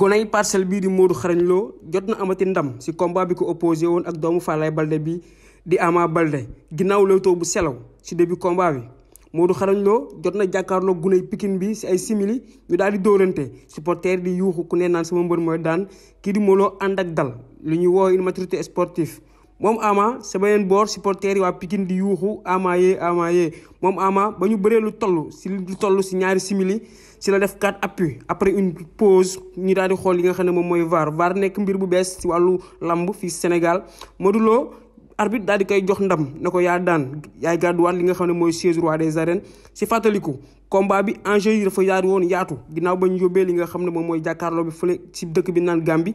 gonay parcelle bii di Modou Xarañ Lo jot na amati ndam si combat bi ko opposé woon ak doomu Falaye Balde bi di amaa Balde ginnaaw lewtoo bu selaw si début combat bi Modou Xarañ Lo jot na jàkkaarloo guney Pikine bi si ay simili ñu daal di dóorante supporter di yuuxu ku ne naan sama mbër mooy daan kii di Modou ànd ak dal lu ñuy woowe une maturité sportive moom Ama sa beneen boor supporter yi waa Pikine di yuuxu Ama yee Ama yee moom Ama ba ñu bëree lu toll si lu toll si ñaari simili si la def quatre appuis après une pose ñu daal di xool yi nga xam ne moom mooy VAR VAR nekk mbir bu bees si wàllu làmb fii Sénégal Modou Lo arbitre daal di koy jox ndam ne ko yaa daan yaay gàdduwaat li nga xam ne mooy siège roi des arènes si fàttaliku combat bi enjeu yi dafa yaatu woon yaatu ginnaaw ba ñu yóbbee li nga xam ne moom mooy jàkkaarloo bi fële si dëkk bi naan Gambie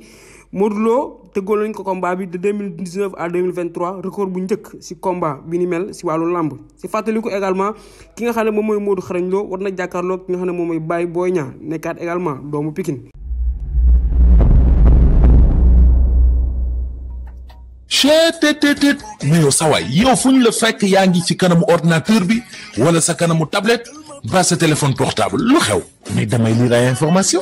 Modou Lo tëggoon nañ ko combat bi de 2019 à 2023 record bu njëkk si combat bi ni mel si wàllu làmb si fàttaliku également ki nga xam ne moom mooy Modou Xarañ Lo war na jàkkaarloo ki nga xam ne moom mooy Baye Boy Niang nekkaat également chettt mais yow sa waay yow fu la fekk yaa ngi ci kanamu ordinateur bi wala sa kanamu tablette ba sa téléphone portable lu xew mais damay lire ay information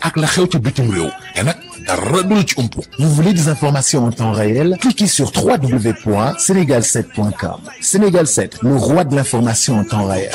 ak la xew ci bitim réew ci ump. Vous voulez des informations en temps réel? Cliquez sur www.senegal7.com. Sénégal 7, le roi de l'information en temps réel.